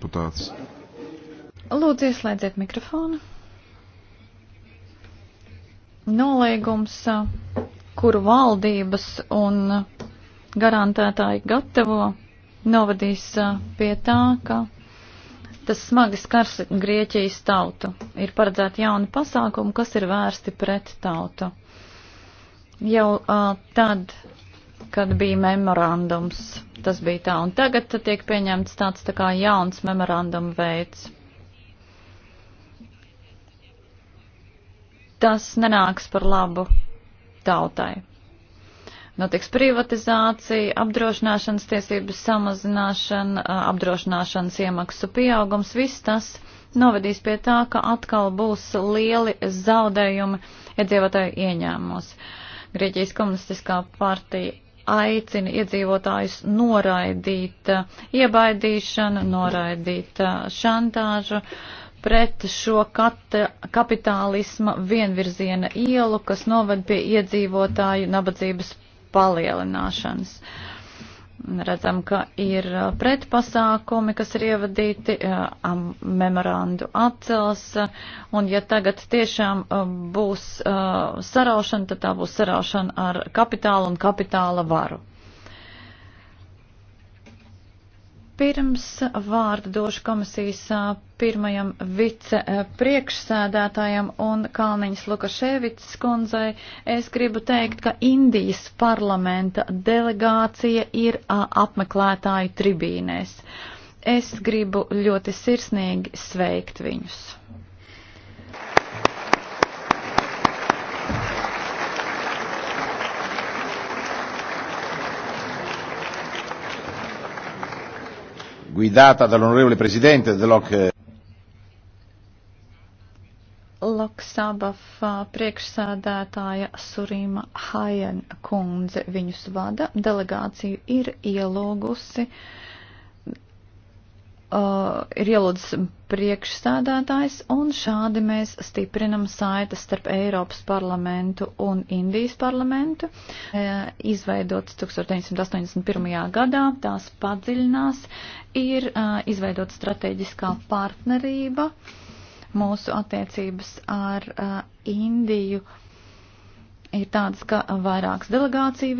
deputāts. Lūdzu, ieslēdziet mikrofonu. Nolīgums, kuru valdības un garantētāji gatavo, novadīs pie tā, ka tas smagi skars Grieķijas tautu. Ir paredzēti jauni pasākumi, kas ir vērsti pret tautu. Jau uh, tad kad bija memorandums. Tas bija tā, un tagad tiek pieņemts tāds tā kā jauns memoranduma veids. Tas nenāks par labu tautai. Notiks privatizācija, apdrošināšanas tiesības samazināšana, apdrošināšanas iemaksu pieaugums, viss tas novedīs pie tā, ka atkal būs lieli zaudējumi iedzīvotāju ieņēmumos. Grieķijas komunistiskā partija aicina iedzīvotājus noraidīt uh, iebaidīšanu, noraidīt uh, šantāžu pret šo kapitālisma vienvirziena ielu, kas noved pie iedzīvotāju nabadzības palielināšanas. Uh, Redzam, ka ir pretpasākumi, kas ir ievadīti, memorandu atcels, un ja tagad tiešām būs saraušana, tad tā būs saraušana ar kapitālu un kapitāla varu. Pirms vārdu došu komisijas pirmajam vicepriekšsēdētājam un Kalniņas Lukaševits kundzei, es gribu teikt, ka Indijas parlamenta delegācija ir apmeklētāju tribīnēs. Es gribu ļoti sirsnīgi sveikt viņus. guidata dall'onorevole Presidente dell'OC. Loksabaf priekšsēdētāja Surīma Hajen kundze viņus vada. Delegācija ir ielūgusi uh, uh, ir ielūdzis priekšsēdētājs, un šādi mēs stiprinam saites starp Eiropas parlamentu un Indijas parlamentu. Uh, izveidots 1981. gadā, tās padziļinās, ir uh, izveidota strateģiskā partnerība mūsu attiecības ar uh, Indiju. Ir tāds, ka vairākas delegācijas